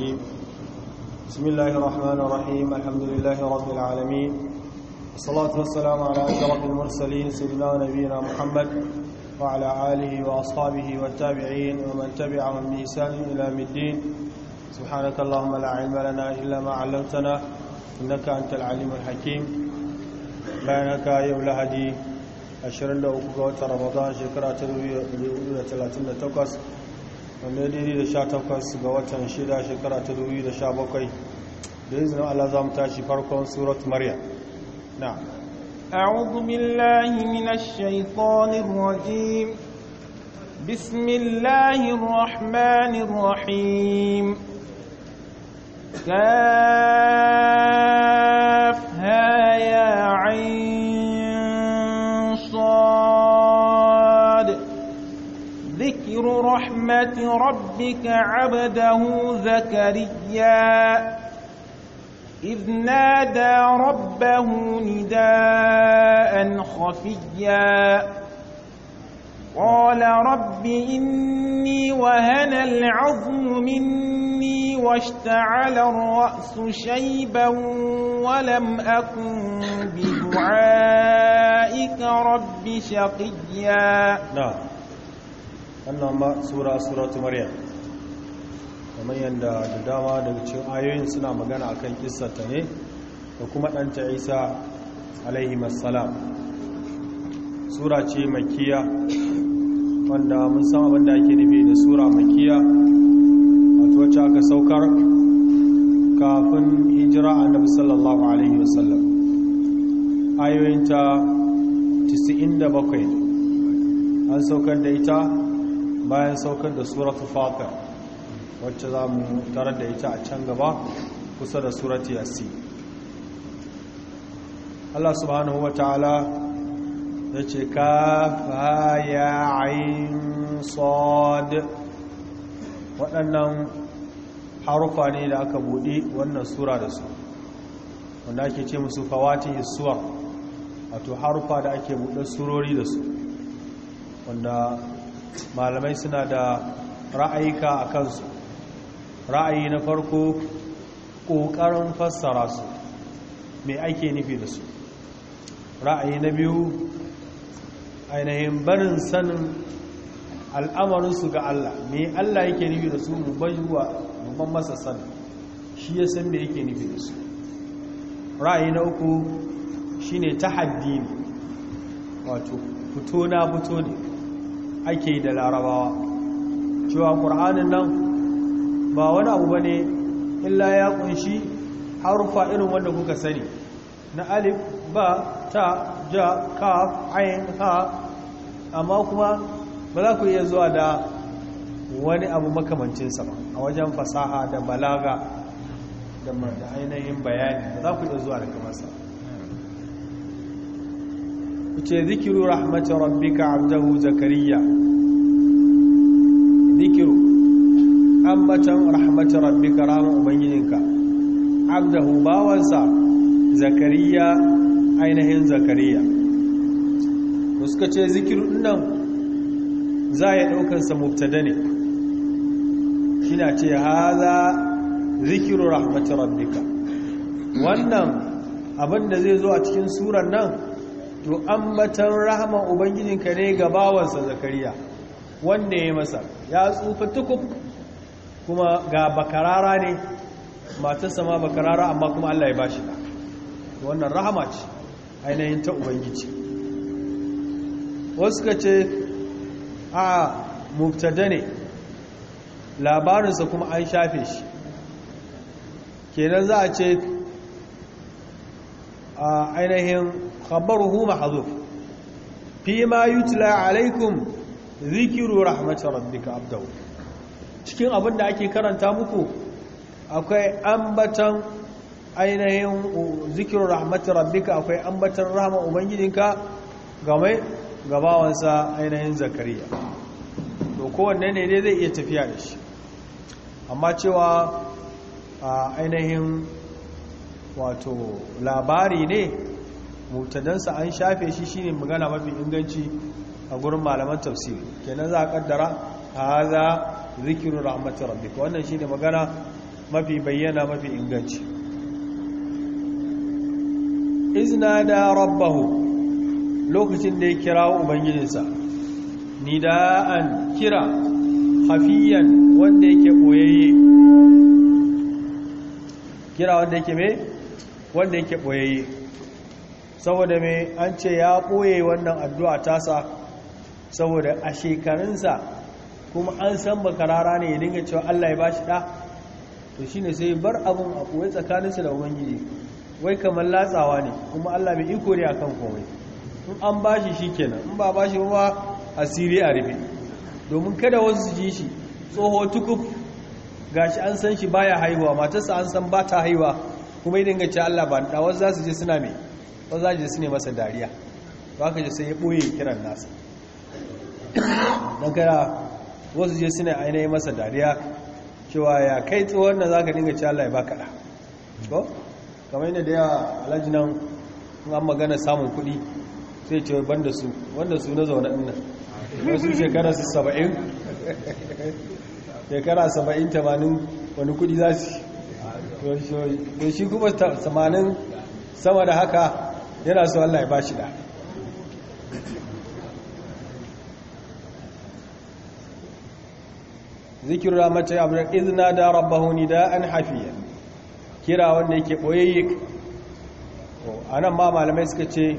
الرجيم بسم الله الرحمن الرحيم الحمد لله رب العالمين الصلاة والسلام على أشرف المرسلين سيدنا نبينا محمد وعلى آله وأصحابه والتابعين ومن تبعهم بإحسان إلى يوم الدين سبحانك اللهم لا علم لنا إلا ما علمتنا إنك أنت العليم الحكيم بينك أولى هدي أشرنا ga رمضان شكرا تلوية ta 2038 wanda daidai da sha takwas ga watan shida shekara ta dubu da sha bakwai izinin Allah za mu tashi farkon surat Maryam na أعوذ بالله من الشيطان الرجيم بسم الله الرحمن نعمة ربك عبده زكريا إذ نادى ربه نداء خفيا قال رب إني وهن العظم مني واشتعل الرأس شيبا ولم أكن بدعائك رب شقيا نعم sannan ba sura suratu maryam kamar yadda da dama daga cikin ayoyin suna magana akan ta ne da kuma ɗanta isa alaihi masalam sura ce makiya wanda mun san abin da ake nufi da sura makiya wato wacce aka saukar kafin hijira annabi sallallahu alaihi wasallam ayoyinta 97 an saukar da ita bayan saukar da suratul fatir wacce za mu tarar da ita a can gaba kusa da surati yasi Allah subhanahu Ta'ala ya ce kafa ya ayin sad waɗannan harufa ne da aka buɗe wannan sura da su wanda ake ce musu fawati isuwa wato harufa da ake buɗe surori da su wanda malamai suna da ra'ayika a kansu ra'ayi na farko ƙoƙarin fassara su mai ake nufi da su ra'ayi na biyu ainihin barin sanin al'amarinsu ga Allah mai Allah yake nufi da su mu zuwa babban masa sani shi ya san me yake nufi da su ra'ayi na uku shi ne ta haddini, wato fito na fito ne ake da larabawa cewa ƙur'anin nan ba wani abu ba ne illa ya ƙunshi harufa irin wanda kuka sani na alif ba ta ja ka ayin ha amma kuma ba za ku iya zuwa da wani abu makamancinsa ba a wajen fasaha da balaga da ainihin bayani ba za ku iya zuwa da kamarsa ba ce zikiru rahmatin rabbika abdahu zakariya zikiru ambatan rahmatin rabbika rama ubangijinka abdahu bawansa zakariya ainihin zakariya suka ce zikiru nan za ya daukansa mubtada ne shi na ce haza zikiru rahmatin rabbika wannan abinda zai zo a cikin surar nan to ambatan rahaman ubangijinka ne ga bawansa zakariya wanda ya masa ya tsufa tukub kuma ga bakarara ne matarsa ma bakarara amma kuma Allah ya bashi da wannan rahama ce ainihin ta ubangiji wasu ka ce a muktada ne labarinsa kuma an shafe shi kenan za a ce a ainihin khabaruhu mahzuf fi ma yutla alaikum zikiru rahmat rabbika cikin abin da ake karanta muku akwai ambatan ainihin zikiru rahmat rabbika akwai ambatan rahama ubangijinka game gabawansa ainihin zakariya to kowanne ne dai zai iya tafiya da shi amma cewa ainihin wato labari ne mutadansa an shafe shi shine magana mafi inganci a gurin malaman tafsiri kenan za a kaddara haza zikiru rahmatir rabbika wannan shine magana mafi bayyana mafi inganci izna da rabbahu lokacin da ya kira ubangijinsa nida'an kira hafiyan wanda yake boyayye kira wanda yake me wanda yake boyayye saboda mai an ce ya ɓoye wannan addu'a tasa saboda a shekarunsa kuma an san bakarara ne ya dinga cewa Allah ya ba shi ɗa to shi ne sai bar abin a ɓoye tsakaninsa da ubangiji wai kamar latsawa ne kuma Allah mai iko ne a kan komai in an ba shi shi kenan in ba ba shi ba siri a rufe domin kada wasu su ji shi tsoho tukuf gashi an san shi baya haihuwa matarsa an san ba ta haihuwa kuma ya dinga ce Allah ba da wasu za su je suna mai mazaji su ne masa dariya ba ka ji sai ya ɓoye kiran nasa don kada wasu su ne ainihin masa dariya cewa ya kai tsohon na za ka dinga ci Allah ya ba kaɗa ko kamar yadda da yawa alhaji nan an magana samun kuɗi sai ce banda su wanda su na zaune ɗin nan wasu shekara su saba'in shekara saba'in tamanin wani kuɗi za su yi shi kuma samanin sama da haka yana so Allah ya ba shi da zikiru ramata abu abinan izina da rabbahu da an hafiya kira wanda yake ɓoyayyik a nan ma malamai suka ce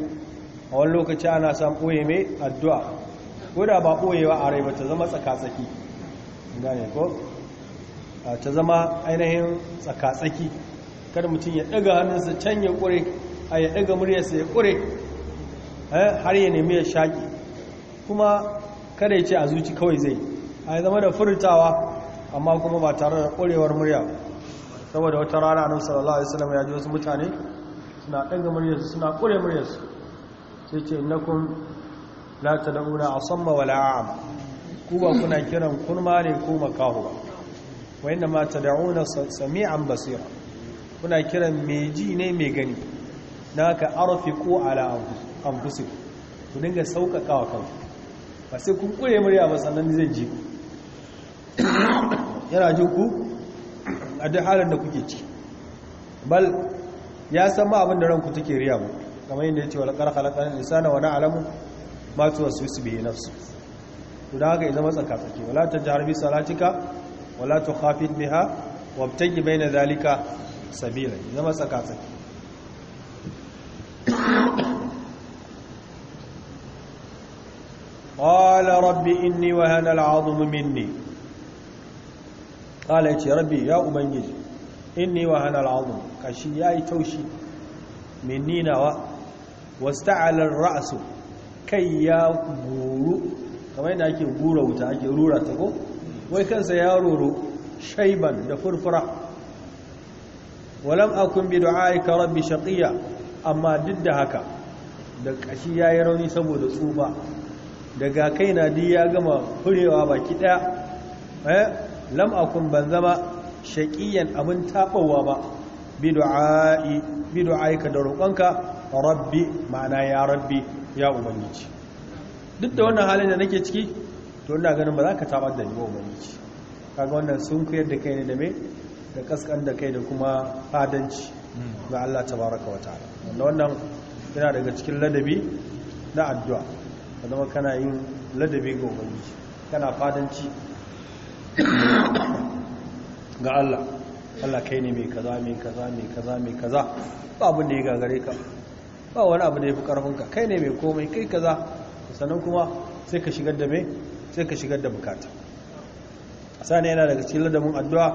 a wani lokaci ana san ɓoye mai addu'a wadda ba ɓoyewa a rai ba ta zama tsaka-tsaki gane ko ta zama ainihin tsaka-tsaki kada mutum ya ɗaga hannunsa can ya ƙure a ya ɗaga muryarsa ya ƙure eh, har ya nemi ya shaƙi kuma kada ya ce a zuci kawai zai a zama da furtawa amma kuma ba tare da ƙurewar murya saboda wata rana nan sallallahu alaihi wasallam ya ji wasu mutane suna ɗaga muryarsu suna ƙure muryarsu sai ce innakum la tad'una asamma wala a'am ku ba kuna kiran kurma ne ko makahu ba wa inna ma tad'una sami'an basira kuna kiran meji ji ne mai gani na ka ko ala amfusi ku dinga wa kanku ba sai kun kure murya ba sannan zai ji yana jin ku a duk halin da kuke ci bal ya san ma abin da ranku take riya ba kamar yadda ya ce wal wani alamu wa na'lamu ma tuwaswisu bihi nafsu to da haka ya zama tsakatsaki wala ta bi salatika wala tukhafit biha wabtagi baina zalika sabila ya zama tsakatsaki قال رب إني وهنا العظم مني قال يا ربي يا أبنجي إني وهنا العظم كشي يا توشي مني نوا واستعل الرأس كي يا بورو كما ينا أكي بورو وتا رورة تقو ويكن سيارورو شيبا دفرفرة ولم أكن بدعائك ربي شقيا أما ضد هكا da kashi ya yi rauni saboda tsufa daga kaina duk ya gama furewa baki daya eh lam akun ban zama shaqiyan abin tabawa ba bid'a'i ka da roƙonka rabbi ma'ana ya rabbi ya ubangiji duk da wannan halin da nake ciki to ina ganin ba za ka tabar da ni ba ubangiji kaga wannan sun kuyar da kai ne da me da kaskan da kai da kuma fadanci ga Allah tabaraka wa ta'ala wannan yana daga cikin ladabi na addu'a ka zama kana yin ladabi ga ubangiji kana fadanci ga Allah Allah kai ne mai kaza mai kaza mai kaza mai kaza ba abin da ya gagare ka ba wani abu da ya fi karfinka kai ne mai komai kai kaza sannan kuma sai ka shigar da mai sai ka shigar da bukata sani yana daga cikin ladabin addu'a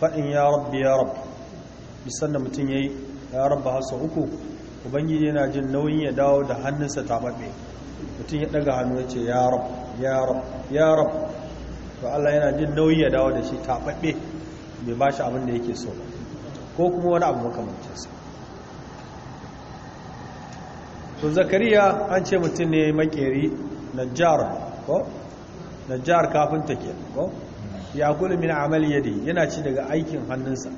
faɗin ya rabbi ya rabbi bisan da mutum ya yi ya rabba hasa uku ubangiji yana jin nauyin ya dawo da hannunsa taɓaɓe mutum ya ɗaga hannu ya ce ya rab ya rab ya rab to Allah yana jin nauyi ya dawo da shi taɓaɓɓe mai ba shi abin da yake so ko kuma wani abu makamancinsa to zakariya an ce mutum ne makeri najjar ko najjar kafinta ke ko ya kula min amal yadi yana ci daga aikin hannunsa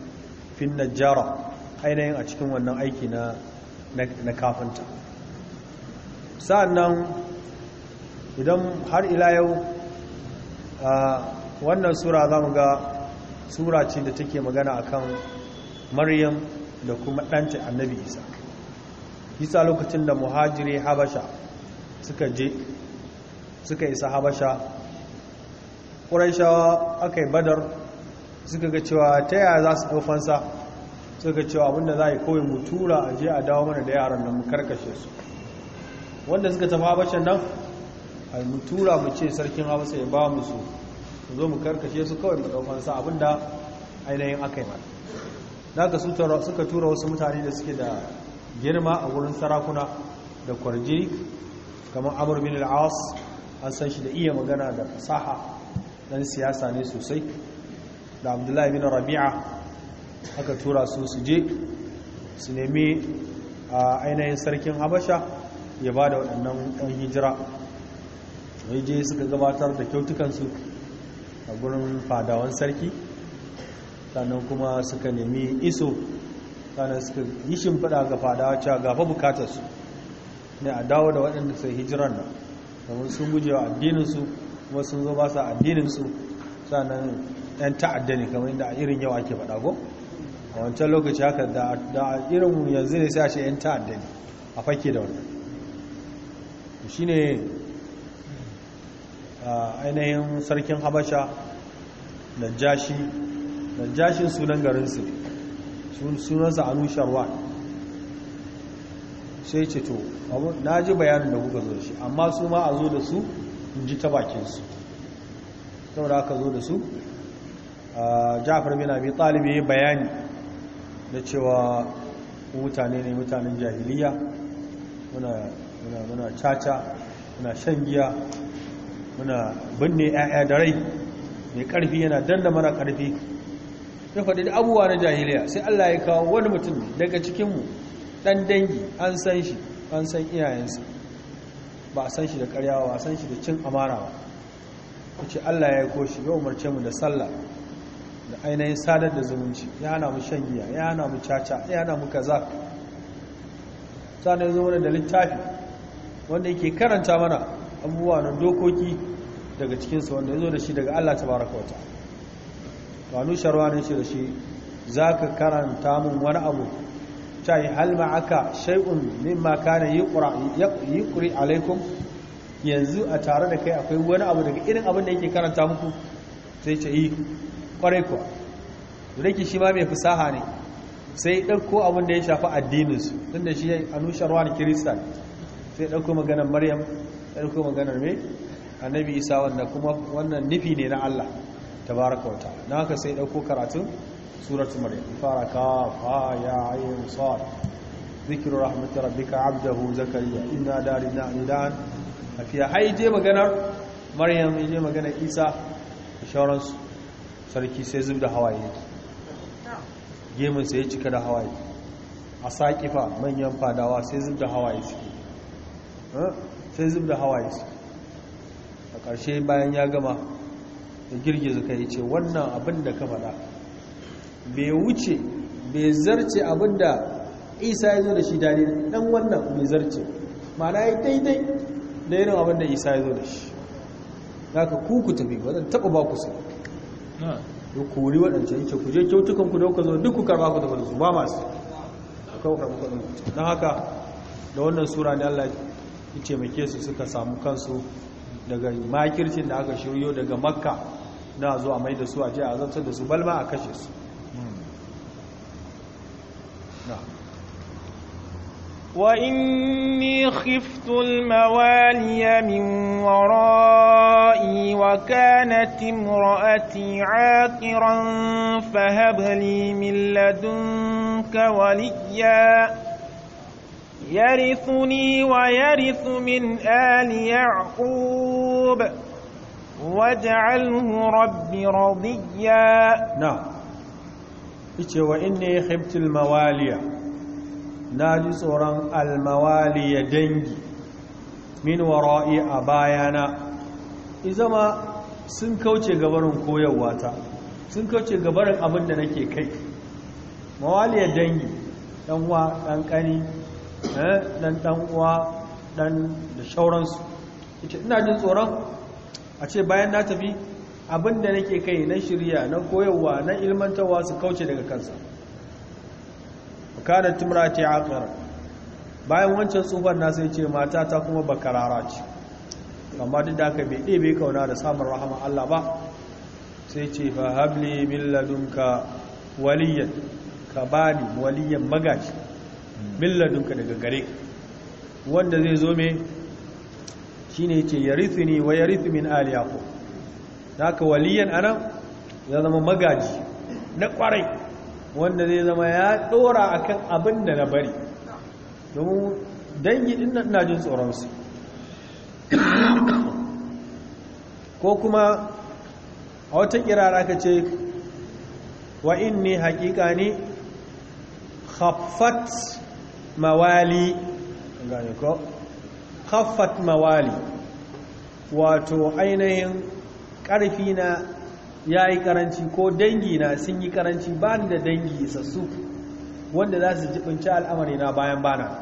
fin najjara ainihin a cikin wannan aiki na kafinta sa'annan idan har ila yau a wannan sura za mu ga sura ce da take magana akan maryam da kuma ɗanci annabi isa isa lokacin da muhajiri habasha suka je suka isa habasha ƙuraishawa aka yi badar suka ga cewa ta yaya za su ɗaufansa suka cewa abinda za a yi kawai mu tura a je a dawo mana da yaran da mu karkashe su wanda suka tafi habashan nan a mu tura mu ce sarkin habasa ya ba mu su su zo mu karkashe su kawai mu ɗaukan sa abinda ainihin aka yi ba da ka suka tura wasu mutane da suke da girma a wurin sarakuna da kwarjiri kamar amur bin al'as an san shi da iya magana da fasaha Ɗan siyasa ne sosai da abdullahi bin rabi'a aka tura su su je su nemi a ainihin sarkin habasha ya ba da waɗannan ɗan hijira wai je suka gabatar da kyautukansu a gurin fadawan sarki sannan kuma suka nemi iso sannan suka yi shimfiɗa ga fadawa cewa gafa bukatarsu ne a dawo da waɗanda sai hijiran nan domin sun guje wa addininsu kuma sun zo ba sa addininsu sannan ɗan ta'adda ne kamar yadda a irin yawa ke faɗa ko a wancan lokaci haka da irin yanzu ne sai a ce 'yan ta'adda ne a fake da wannan shi ne ainihin sarkin habasha da jashi da jashin sunan garinsu sunansa nusharwa sai ce to na ji bayanin da kuka zo shi amma su ma a zo da su in ji ta bakinsu da aka zo da su jafar bin abi talibi ya bayani na cewa mutane ne mutanen jahiliya muna muna muna caca muna shan giya muna binne 'ya'ya da rai mai ƙarfi yana danna mana ƙarfi ya faɗi da abubuwa na jahiliya sai Allah ya kawo wani mutum daga cikinmu ɗan dangi an san shi an san iyayensa ba a san shi da ƙaryawa ba a san shi da cin amara ba ku Allah ya yi koshi ya umarce mu da sallah da ainihin sadar da zumunci ya hana mu shan giya ya hana mu caca ya hana mu kaza sannan ya da littafi wanda yake karanta mana abubuwa na dokoki daga cikinsu wanda ya zo da shi daga Allah ta baraka wata wani sharwa ne shi da shi za ka karanta mun wani abu ta yi halma aka shai'un mimma kana yi ƙuri alaikum yanzu a tare da kai akwai wani abu daga irin abin da yake karanta muku sai ce yi eh, ƙwarai kuwa da shi ma mai fasaha ne sai ɗauko abin da ya shafi addinin su. da shi anusharwa ne kiristan sai ɗauko maganar maryam ɗauko maganar mai annabi isa wanda kuma wannan nufi ne na allah ta baraka wata na haka sai ɗauko karatun suratun maryam fara ka fa ya ayyun sa'ad ذكر رحمة ربك عبده na إنا دارنا إلان فيها هاي جي مغنر je maganar isa إيسا insurance sarki sai zub da hawaye yake gemun sai ya cika da hawaye a saƙifa manyan fadawa sai zub da hawaye sai zub da hawaye a ƙarshe bayan ya gama da girgiza yi ce wannan abin da ka faɗa bai wuce bai zarce abin da isa ya zo da shi daidai dan wannan bai zarce ma'ana ya daidai da irin abin da isa ya zo da shi za ka kuku tafi ba zan taɓa ba ku sai ya kori waɗancan yake ku je kyautukan ku dauka zo duk kuka ba ku tafi da su ba masu don haka da wannan sura ne allah ya taimake su suka samu kansu daga makircin da aka shiryo daga makka na zuwa mai da su a jiya a da su balma a kashe su وإني خفت الموالي من ورائي وكانت امرأتي عاقرا فهب لي من لدنك يرثني ويرث من آل يعقوب واجعله ربي رضيا نعم ice wa inni khiftul mawaliya na ji tsoron almawaliya dangi min wara'i a bayana izama sun kauce gabarin koyarwa ta sun kauce gabarin abin da nake kai mawaliya dangi ɗan wa ƙani Eh, dan dan uwa dan da shauransu ita ina jin tsoron a ce bayan na tafi abinda nake kai na shirya na koyarwa na ilmantarwa su kauce daga kansa kana timrati aqar bayan wancan tsufan na sai ce mata ta kuma bakarara ce amma duk da aka bai ɗebe kauna da samun rahama Allah ba sai ce fa habli min ladunka waliyan ka bani waliyan magaji milladunka daga gare ka wanda zai zo me ya yace ne wa yarith min aliyaku za ka waliyan anan ya zama magaji na kwarai wanda zai zama ya a kan abin da na bari domin dangi ɗin na jin tsoron ko kuma a wata kirara ka ce wa in ne hakika ne khafat mawali gani ko khaffat mawali wato ainihin ƙarfi na ya yi ƙaranci ko dangi na sun yi ƙaranci ba ni da dangi sassu wanda za su jibinci al'amari na bayan bana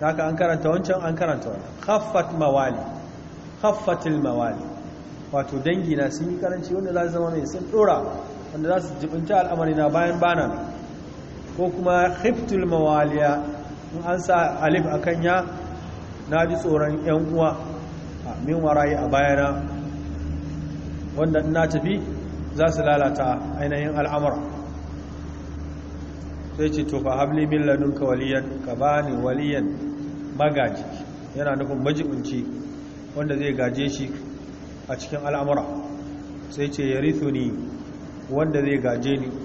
haka an karanta wancan an karanta wani khaffat mawali khaffatil mawali wato dangi na sun yi ƙaranci wanda za su zama mai sun ɗora wanda za su jibinci al'amari na bayan bana ko kuma khiftul mawaliya in an sa alif kan ya na ji tsoron yan uwa a min warayi a bayana wanda ina tafi za su lalata ainihin al'amura sai ce to fa habli min ladunka waliyan ka bani waliyan magaji yana nufin majibinci wanda zai gaje shi a cikin al'amura sai ce yarithu ni wanda zai gaje ni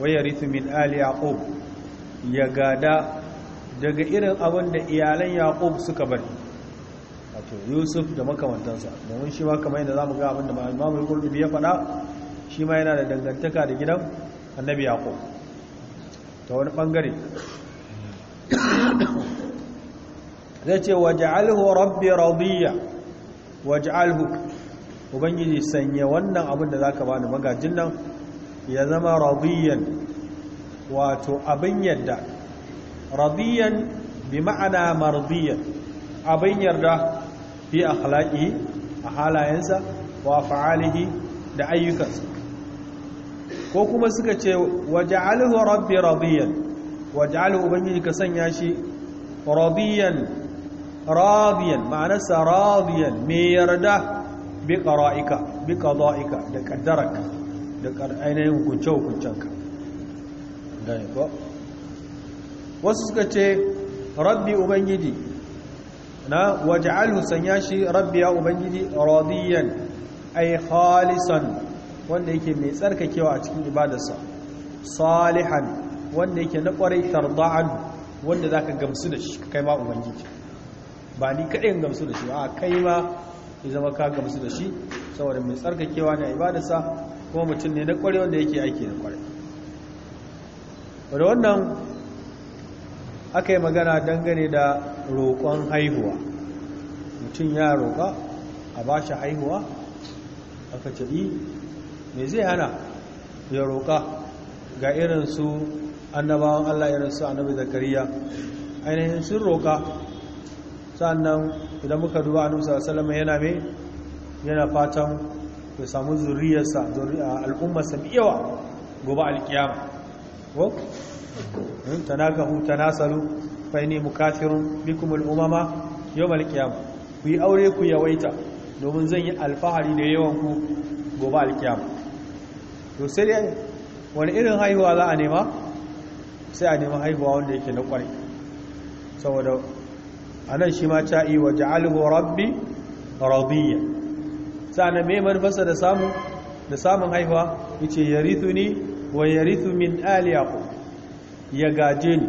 wayarisu min ali yaqub ya gada daga irin abin da iyalan yaqub suka bari wato yusuf da makamantansa domin shi ma kamar yadda zamu ga abin da al-imamul ya faɗa shi ma yana da dangantaka da gidan annabi yaqub ta wani bangare zai ce waj'alhu rabbi radiya waj'alhu ubangiji sanya wannan abin da zaka bani magajin nan ya zama radiyan wato abin yadda radiyan bi ma'ana mardiyan abin yarda fi akhlaqi a halayensa wa fa'alihi da ayyukansa ko kuma suka ce waj'alhu rabbi radiyan waj'alhu ubangiji ka sanya shi radiyan radiyan sa radiyan me yarda bi qara'ika bi qada'ika da qaddaraka da ainihin hukunce-hukuncenka gane ko wasu suka ce rabbi ubangiji na alhussan ya shi rabbi ya ubangiji radiyan ay khalisan wanda yake mai tsarkakewa a cikin ibadarsa salihan wanda yake na kwarai tarda'an wanda za ka gamsu da shi kai ma ubangiji ba ni kadai gamsu da shi a kai ma ya zama ka gamsu da shi saboda mai tsarkakewa ne a ibadarsa kuma mutum ne na kware wanda yake aiki da kware wadda wannan aka yi magana dangane da roƙon haihuwa mutum ya roƙa a ba shi haihuwa aka caɗi mai zai hana ya roƙa ga irinsu annabawan allah irinsu annabi zakariya ainihin sun roƙa Sa'an nan idan muka duba annabi sallallahu yana mai yana fatan ya samu zuriyarsa al'ummarsa mai yawa gobe alkiyama ko hmm, tanakahu tanasalu fa inni mukathirun bikum al'umama yawm alkiyama ku yi aure ku yawaita domin zan yi alfahari da yawan ku gobe alkiyama to sai dai wani irin haihuwa za a nema sai a nema haihuwa wanda yake na kwari saboda anan shi ma ta yi wa ja'alhu rabbi radiyya sa'annan mai manufarsa da samu da samun haihuwa yace ni, wa yarithu min ali ya gaje ni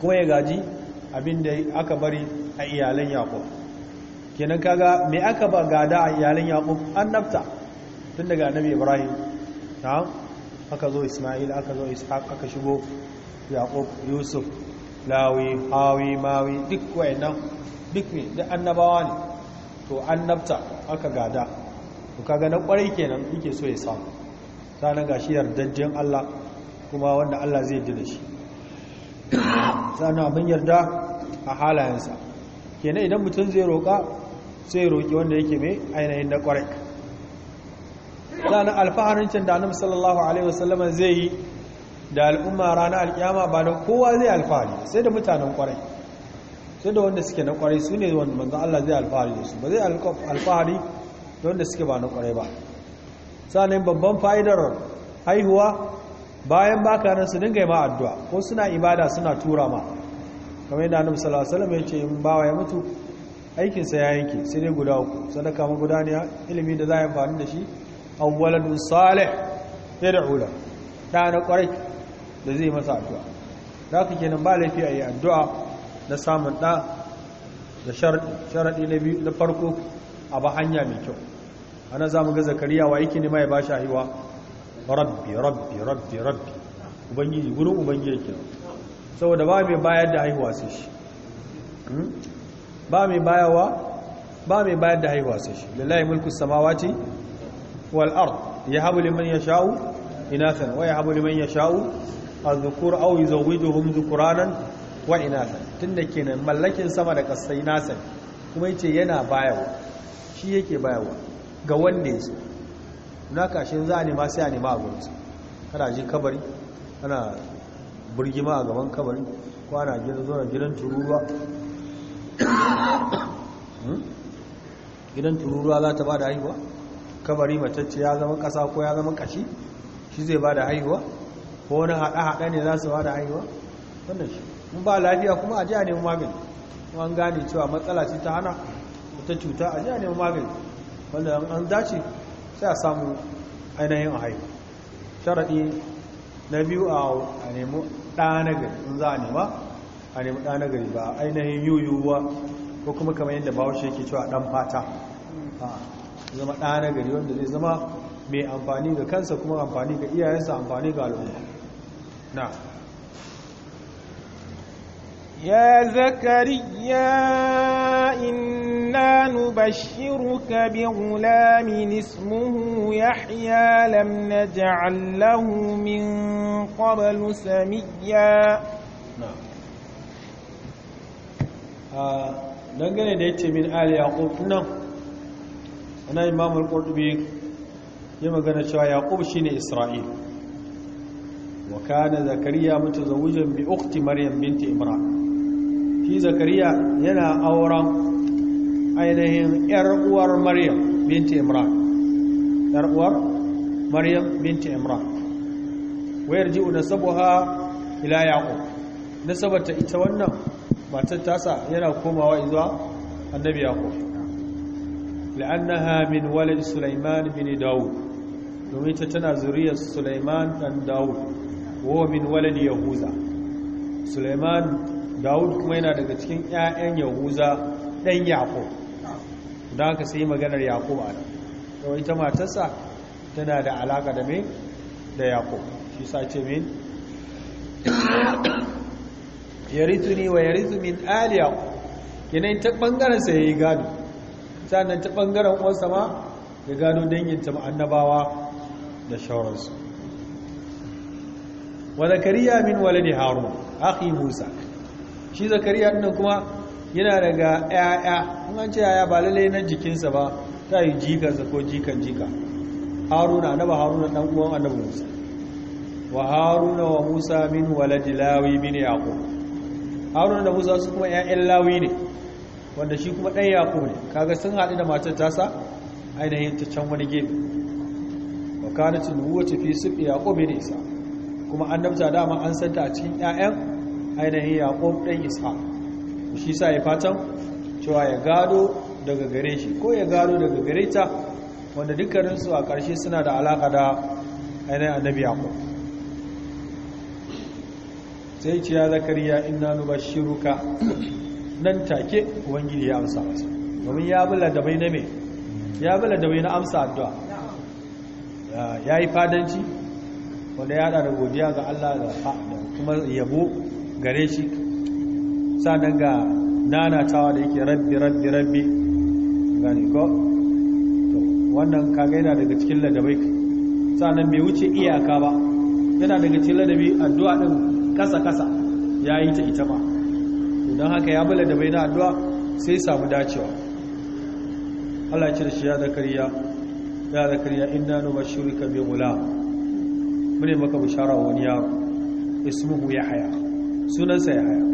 kuma ya gaji abinda aka bari a iyalan yaqub kenan kaga mai aka ba gada a iyalan an nafta? tun daga annabi ibrahim na'am aka zo isma'il aka zo ishaq aka shigo yaqub yusuf lawi hawi mawi duk nan? duk ne duk annabawa ne to an annabta aka gada to kaga na kwarai kenan yake so ya samu nan gashi yardajjen Allah kuma wanda Allah zai yarda da shi sanan abin yarda a halayensa kenan idan mutum zai roƙa sai roƙi wanda yake mai ainihin na kwarai sanan alfaharincin da annabi sallallahu alaihi wasallam zai yi da al'umma ranar alkiyama ba da kowa zai alfahari sai da mutanen kwarai sai da wanda suke na kwarai su ne wanda manzan Allah zai alfahari da su ba zai alfahari da wanda suke ba na kwarai ba sanin babban fa'idar haihuwa bayan baka nan su dinga yi ma addu'a ko suna ibada suna tura ma kamar yadda annabi sallallahu alaihi wasallam ya ce in bawa ya mutu aikin sa ya yanke sai dai guda uku sadaka mu guda ne ilimi da za a yi amfani da shi awwaladun salih yad'u ula da na kwarai da zai masa addu'a da haka kenan ba laifi a yi addu'a na samun ɗa da sharaɗi na biyu na farko a ba hanya mai kyau A nan za mu ga zakariya wa yake nema ma ya ba shi haihuwa rabbi rabbi rabbi rabbi ubangiji gudun ubangiji ke saboda ba mai bayar da haihuwa sai shi hmm? ba mai bayarwa ba mai bayar da haihuwa sai shi lillahi mulku samawati wal ard yahabu liman Ina inathan wa ya yahabu liman yasha'u الذكور أو يزوجهم zukuranan wa da tunda kenan mallakin sama da kasai nasa kuma yace yana bayarwa shi yake bayarwa ga wanda yaso na kashin za a nema sai a nema a gurinsa kana ji kabari kana burgima a gaban kabari ko ana gidan gidan tururuwa hmm? gidan tururuwa za ta ba da haihuwa kabari matacce ya zama kasa ko ya zama kashi shi zai ba da haihuwa ko wani haɗa-haɗa ne za su ba da haihuwa wannan shi in ba lafiya kuma a ji a neman magani kuma an gane cewa matsala ce ta hana wata cuta a ji a neman magani wanda an dace sai a samu ainihin a haihu sharaɗi na biyu a nemi ɗanagari in za a nema a nemi ɗanagari ba a ba ainihin yuyuwa ko kuma kamar yadda bahaushe yake cewa ɗan fata zama ɗanagari wanda zai zama mai amfani ga kansa kuma amfani ga iyayensa amfani ga al'umma na يا زكريا إنا نبشرك بغلام اسمه يحيى لم نجعل له من قبل سميا نعم نعم نعم من آل يعقوب نعم أنا إمام القرطبي يما قلنا شوى يعقوب شيني إسرائيل وكان زكريا متزوجا بأخت مريم بنت إبراهيم shi zakariya yana auren ainihin uwar maryam binti imran uwar maryam binti imran wayar ji'u nasabuha ila nasabata ita wannan matar tasa yana komawa zuwa annabi yaqub la'annaha min walid sulaiman bin Dawud, domin ta tana zuriyar sulaiman dan Dawud, wo min walad yahuza sulaiman dawud kuma yana daga cikin 'ya'yan yahuza ɗan yaƙo da haka sai maganar yaƙo a nan yau ita matarsa tana da alaƙa da mai da yaƙo shi sa ce min ritu ne wa yaritu min aliya yanayin ta ɓangaren sa ya yi gado sannan ta ɓangaren wasa ma ya gado danginta ma'annabawa da shawararsu wa zakariya min walidi harun akhi musa shi zakariya ɗin kuma yana daga ‘ya'ya in an ce ‘ya'ya ba lalle na jikinsa ba ta yi jikansa ko jikan jika haruna annaba haruna ɗan uwan annabi musa wa haruna wa musa min waladi lawi min yaqub haruna da musa su kuma ‘ya'yan lawi ne wanda shi kuma ɗan yaqub ne kaga sun haɗu da matar tasa ainihin ta can wani gefe wa kanat nubuwatu fi sib yaqub ne isa kuma annabta dama an santa a cikin ‘ya'yan ainihin yaƙob ɗan isa shi sa ya fatan cewa ya gado daga gare shi ko ya gado daga gare ta wanda dukkaninsu a ƙarshe suna da alaƙa da ainihin annabi yaƙob sai ce ya zakariya ina nubashiruka nan take ubangiji ya amsa masa domin ya bula da bai na me ya bula da bai na amsa addu'a ya yi fadanci wanda ya da godiya ga Allah da kuma yabo gare shi sanan ga nanatawa da yake rabbi rabbi rabbi gani ko to wannan kaga yana daga cikin ladabai sanan bai wuce iyaka ba yana daga cikin ladabi addu'a din kasa kasa yayi ta ita ba don haka ya bala da bai na addu'a sai samu dacewa Allah ce da shi ya zakariya ya zakariya inna nubashshiruka bi ghulam mune maka bishara wani yaro ismuhu yahya sunansa ya haya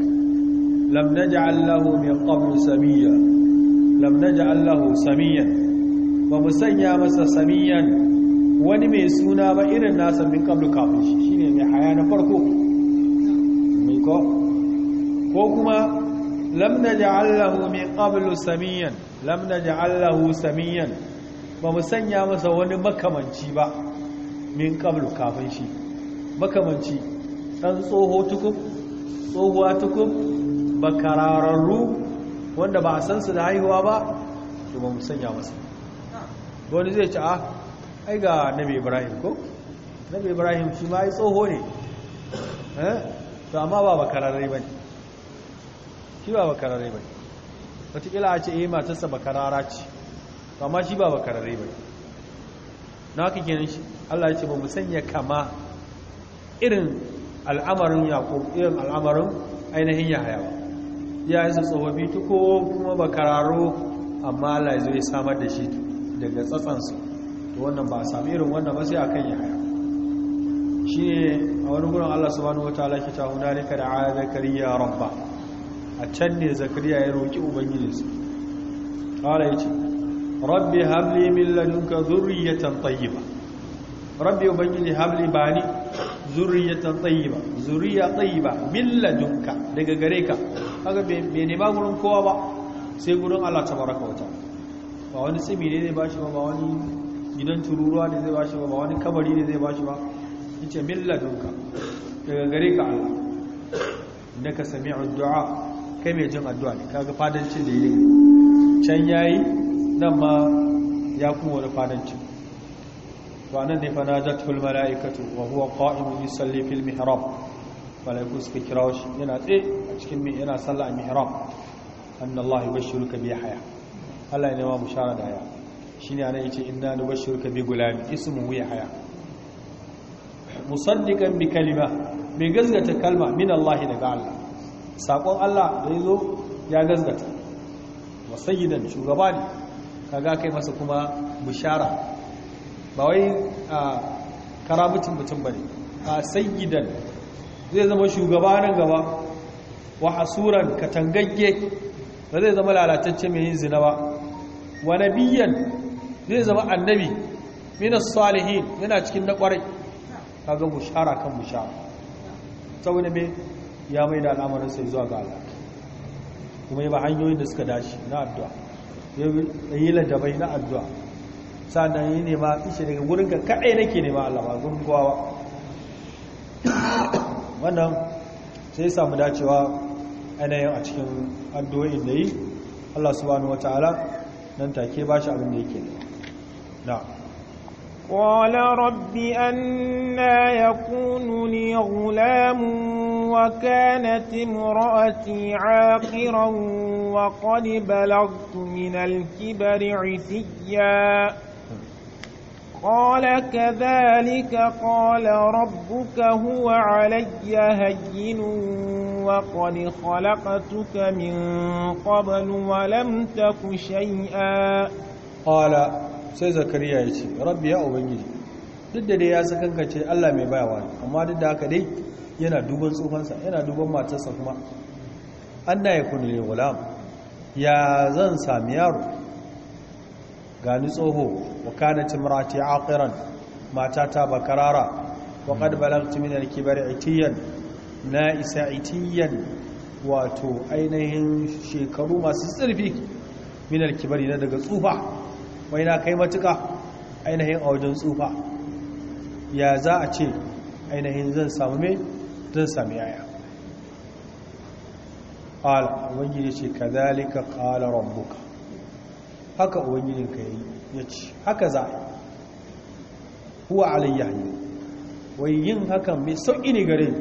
lam naj'al allahu min qabl samiyya lam naj'al lahu samiyyan ba mu sanya masa samiyan wani mai suna ba irin nasa min qabl kafin shi shine mai haya na farko mai ko ko kuma lam naj'al allahu min qabl samiyan lam naj'al allahu samiyan ba mu sanya masa wani makamanci ba min qabl kafin shi makamanci dan tsoho tukun tsohuwa ba karararru wanda ba a san su da haihuwa ba to ba mu sanya masa wani zai ci a ah, ai ga nabi ibrahim ko nabi ibrahim shi ma yi tsoho ne eh? to amma ba bakararre ba ne shi ba kararrai ba ne wataƙila a ce eh matarsa karara ce amma shi ba bakararre ba ne na haka kenan shi allah ya ce ba mu sanya kama irin al'amarin yaƙub irin al'amarin ainihin yahaya ya yi su tsofaffi tuko kuma kararo, amma Allah zai samar da shi daga tsatsansu to wannan ba a sami irin wannan ba sai a kan yahaya shi ne a wani gudun Allah subhanahu wata ke ta hunalika da aya ya rabba a can ne zakari ya roƙi ubangijinsa ƙara ya ce rabbi habli min ladunka zurriyatan tayyiba rabbi ubangiji ba. ni zuriyatan tsayiba zuriya tsayiba min dunka daga gare ka haka bai nema gurin kowa ba sai gurin Allah ta wa wata, ba wani tsimi ne zai bashi ba ba wani gidan tururuwa ne zai bashi ba ba wani kabari ne zai bashi ba yace min dunka daga gare ka Allah ka sami addu'a kai mai jin addu'a ne kaga fadancin da ne, can yayi nan ma ya kuma wani fadancin to anan ne fa najatul malaikatu wa huwa qa'imun yusalli fil mihrab malaiku suka kirawo shi yana tsaye a cikin mai yana sallah a mihrab anna Allah yubashshiruka bi yahya Allah ya nema mai gazgata kalma min daga Allah sakon Allah ya shugaba ne kaga kai masa kuma ba wai a karamucin mutum ba ne a gidan zai zama shugaba nan gaba wa hasuran katangagge ba zai zama lalatacce mai yin zina ba wa nabiyan zai zama annabi minas salihin yana cikin na kwarai ga bushara kan bushara saboda me ya mai da al'amarin sai zuwa ga Allah kuma yi ba hanyoyin da suka dashi na addu'a yi ladabai na addu'a sannan yi nema ishe daga ka, kaɗai nake nema Allah ba gurin kowa wannan sai samu dacewa ainihin a cikin addu'o'in da yi Allah subhanahu wata'ala nan take ba shi abin da yake da قال رب أنا يكون لي غلام وكانت امرأتي عاقرا وقد بلغت من الكبر عتيا قال كذلك قال ربك هو علي هين وقد خلقتك من قبل ولم تك شيئا قال sai zakariya ya ce rabbi ya ubangiji duk da dai ya Allah mai bayawa amma duk da haka dai yana duban tsofansa yana duban matarsa kuma an na ya gulam ya zan sami yaro gani tsoho wa kanat imrati aqiran matata bakarara wa qad hmm. balagtu min al-kibari itiyan na isa itiyan wato ainihin shekaru masu tsirfi min al-kibari na daga tsufa wai na kai matuka ainihin a wajen tsufa ya za a ce ainihin zan samu me zan sami yaya qala ubangiji ce kadhalika qala rabbuka haka ubangijinka ya ci haka za huwa alayya ne wai yin hakan mai sauƙi ne gare ni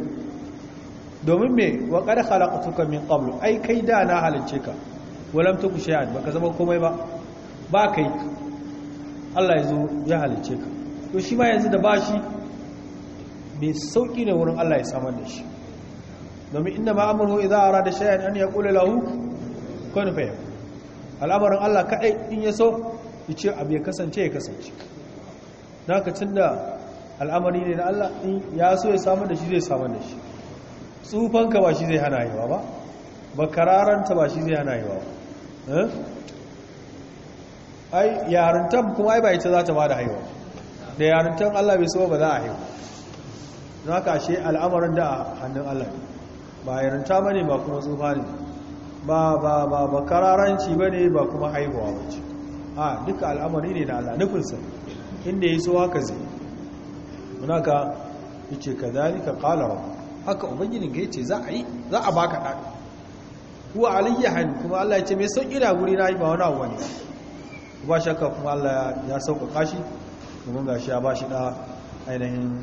domin me waƙar qad khalaqtuka min qablu ai kai da na halince ka walam tuku ba baka zama komai ba ba kai Allah ya zo ya halince ka to shi ma yanzu da bashi mai sauƙi ne wurin Allah ya samar da shi domin inda ma'amuru a arada shayar an yaqulu lahu kun fayakun al'amarin Allah kaɗai in ya so ya ce abu ya kasance ya kasance na kacin da al'amari ne na Allah in ya so ya samun da shi zai samun da shi tsufanka ba shi zai hana yawa ba ba kararanta ba shi zai hana yawa ba eh? ai yarintan kuma ai ba ita za ta ba da haihuwa da yarintan Allah bai so ba za a haihu na kashe al'amarin da a hannun Allah ba yarinta ba ne ba kuma tsufa ne ba ba ba ba kararanci ba ne ba kuma haihuwa ba ce a duka al'amari ne na Allah nufinsa inda ya suwa ka zai ka yi ce ka zalika kalawa haka ubangijin ka yi ce za a yi za a baka ɗan kuwa aliyya hannu kuma Allah ya ce mai sauƙi na guri na yi ba wani abu wani ba shakka kuma Allah ya sauƙa kashi domin ga shi ya ba shi ɗan ainihin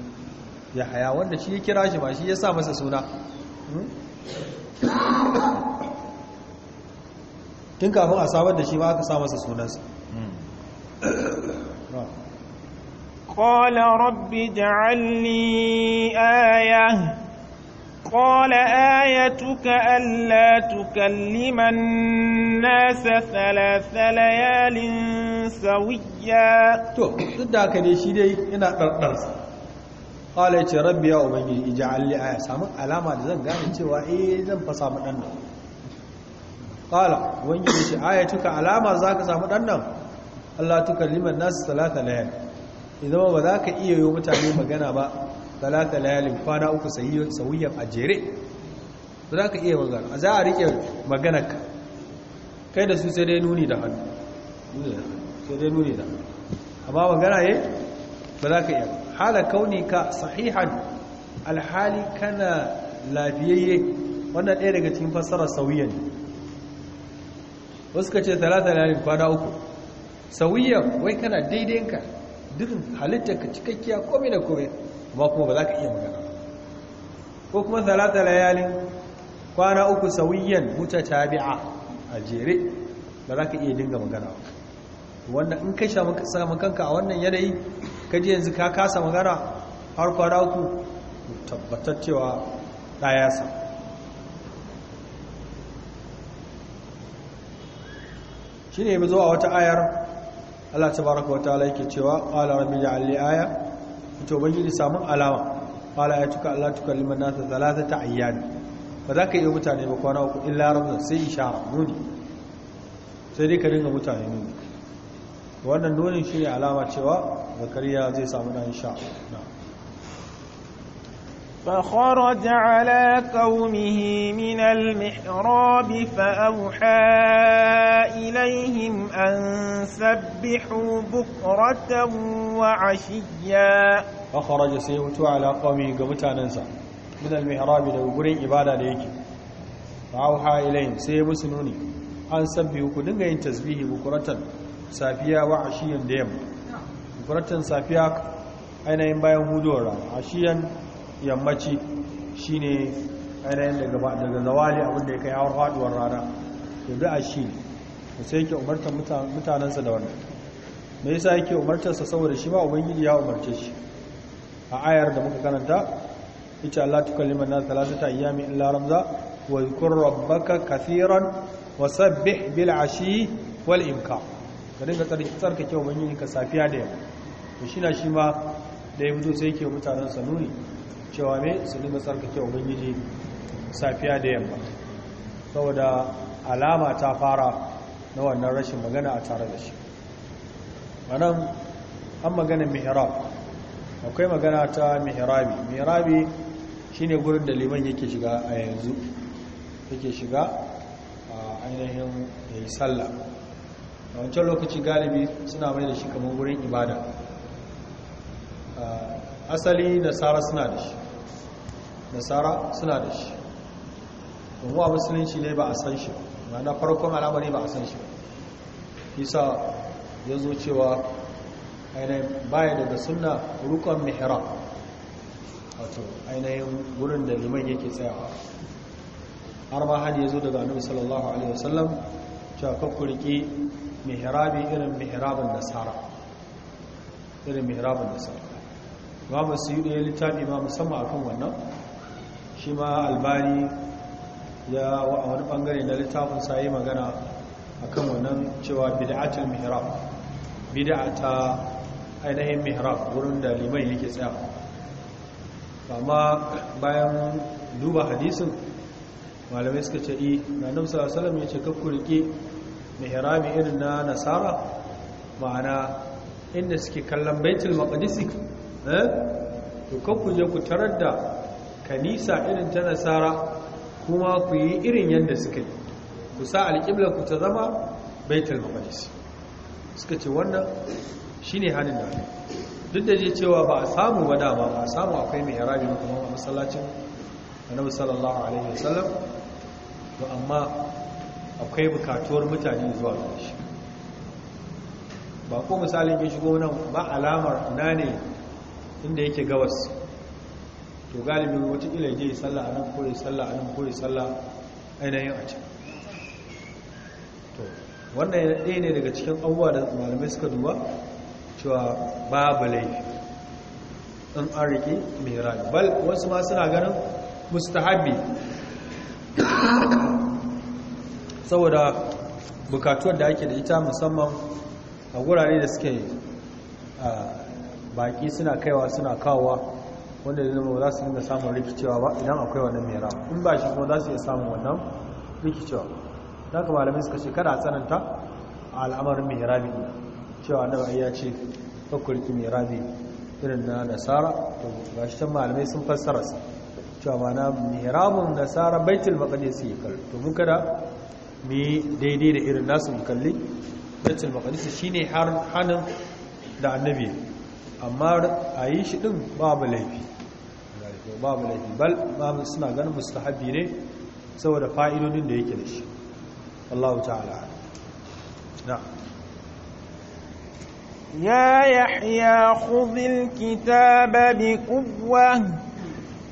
ya haya wanda shi ya kira shi ba shi ya sa masa suna hmm? Tun kafin a sabar da shi ba haka sa masa sunansa. Kola rabbi da Alli aya kola a tuka Allah tuka liman nasa, salasala ya linsa wuya. To duk da ka ne shi dai ina ɗanɗan su. ce Rabi ya yi ija Alli a ya samu alama da zan gane cewa e zan fasa mu yi shi ce tuka alama za ka samu ɗan nan Allah nasu talata layar. layal idan ba za ka iya yi mutane magana ba talata layalin kwana uku sawiyan a jere ba za ka iya magana a za a riƙe magana ka kai da su sai dai nuni da hannu sai dai nuni da hannu amma magana yi ba za ka iya hala kauni ka sahihan alhali kana lafiyayye wannan ɗaya daga cikin fassarar sauyin wasu ka ce talata lalin kwana uku sauyiya wai kana daidainka duk halittar ka cikakkiya komai da komai ba kuma ba za ka iya magana ko kuma talata layalin kwana uku sauyiyan muta tabi'a a jere ba za ka iya dinga magana wannan in ka samun kanka a wannan yanayi ka ji yanzu ka kasa magana har kwana uku tabbatar cewa ɗaya sa shi ne zo a wata ayar Allah ta baraka wata ala yake cewa ƙala rabbi da alli aya to ubangiji samun alama ƙwala ya tuka Allah tuka liman nasa zalata ta ayyan ba za ka yi mutane ba kwana uku illa rabbi sai sha nuni sai dai ka dinga mutane nuni wannan nunin shi ne alama cewa zakariya zai samu na insha Allah فخرج على قومه من المحراب فأوحى إليهم أن سبحوا بكرة وعشيا فخرج سيوتو على قومه قبتا ننسى من المحراب لو قرين إبادة ليك فأوحى إليهم سنوني أن سبحوا كدنغين تزبيه بكرة سافيا وعشيا ديم بكرة سافيا أين safiya هدورا عشيا yammaci shine ainihin daga daga zawali abinda ya kai har faduwar rana to a shi ne sai yake umartar mutanensa da wannan me yasa yake umartarsa saboda shi ma ubangiji ya umarce shi a ayar da muka karanta ita Allah tukallima na talatata in illa ramza wa zkur rabbaka kathiran wa sabbih bil ashi wal imka ka dinga tsarkake ubangiji ka safiya da yamma to shi na shi ma da ya fito sai yake mutanensa nuni cewa me su dinga tsarkake ubangiji safiya da yamma saboda alama ta fara na wannan rashin magana a tare da shi anan an magana mihrab akwai magana ta mihrabi mihrabi shine gurin da liman yake shiga a yanzu yake shiga a ainihin yayi sallah a wancan lokaci galibi suna mai da shi kamar gurin ibada asali nasara suna da shi nasara suna da shi kuma musulunci ne ba a san shi ba na farkon ne ba a san shi ba isa ya zo cewa ainihin baya daga suna rukon mihira, wato ainihin wurin da liman yake tsayawa har ma hadi ya zo daga annabi sallallahu alaihi wasallam cewa kakku riƙe mihrabi irin mihirabin nasara irin mihirabin nasara ba mu su yi ɗaya littafi ma musamman akan wannan shi ma albani ya a wani bangare na littafin sa yi magana a kan wannan cewa bid'atul mihrab bid'a ta ainihin mihrab wurin da liman yake tsaya amma bayan duba hadisin malamai suka ce yi na salam ya ce kakku rike irin na nasara ma'ana inda suke kallon baitul maqdisi eh to kakku je ku tarar da kanisa irin ta nasara kuma ku yi irin yadda suka yi ku sa alƙibla ku ta zama baitul maqdis suka ce wannan shine hanin da duk da je cewa ba a samu ba dama ba a samu akwai mai harabi kuma a masallacin annabi sallallahu alaihi wasallam to amma akwai bukatuwar mutane zuwa ga shi ba ko misalin ya shigo nan ba alamar na ne inda yake gabas to galibi watakila ya je yi sallah a nan ko ya sallah a nan ko ya sallah ainihin a can to wannan ɗaya ne daga cikin abubuwa da malamai suka duba cewa babu laifi in an riƙe mai rabi bal wasu ma suna ganin mustahabi saboda bukatuwar da ake da ita musamman a gurare da suke baki suna kaiwa suna kawowa wanda ya zama za su yi samun rikicewa ba idan akwai wannan mera in ba shi kuma za su iya samun wannan rikicewa don ka malamin suka shekara tsananta a al'amarin merabi cewa na ya ce fakulki merabi irin na nasara to ga shi can malamai sun fassara su cewa mana mun nasara baitul su ya kalli to muka kada mu yi daidai da irin nasu mu kalli baitul maqdis shine har hanin da annabi amma a yi shi din babu laifi babu laifi bal babu suna ganin mustahabi ne saboda fa'idodin da yake da shi Allah ta'ala na ya yahya khudhil kitaba bi quwwah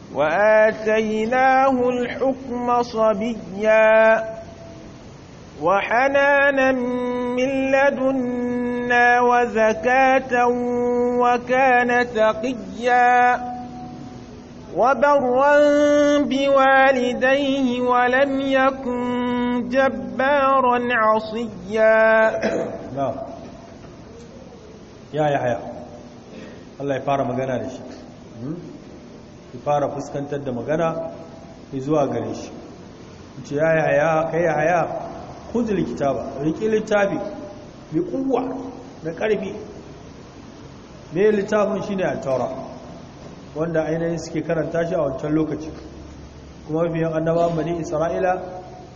وآتيناه الحكم صبيا min من wa zakatan وكان تقيا وبرا بوالديه ولم يكن جبارا عصيا نعم يا يحيى الله يفara magana da shi ki fara fuskantar magana ki zuwa gare shi ce ya yaya kai yaya kuzil kitaba littafi karfi me littafin shine a taura wanda ainihin suke karanta shi a wancan lokaci kuma mafiyan annaba bani isra'ila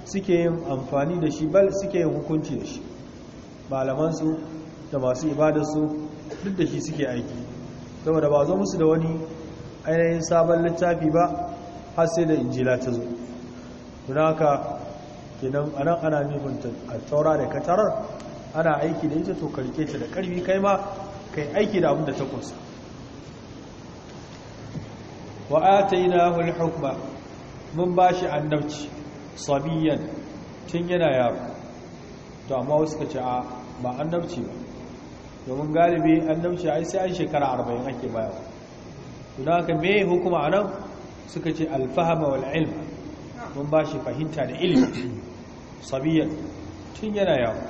suke yin amfani da shi bal suke yin hukunci da shi malamansu da masu ibadarsu duk da shi suke aiki saboda ba zo musu da wani ainihin sabon littafi ba har sai da injila ta zo don haka kenan anan ana nufin a taura da katarar ana aiki da ita to karke ta da karfi kai ma kai aiki da abin da ta kunsa wa atainahu al-hukma mun bashi annabci sabiyan tun yana yaro to amma wasu ka ce a ba annabci ba domin galibi annabci ai sai an shekara arba'in ake bayawa to don haka me hukuma a nan suka ce alfahama wal ilm mun ba shi fahimta da ilimi sabiyan tun yana yaro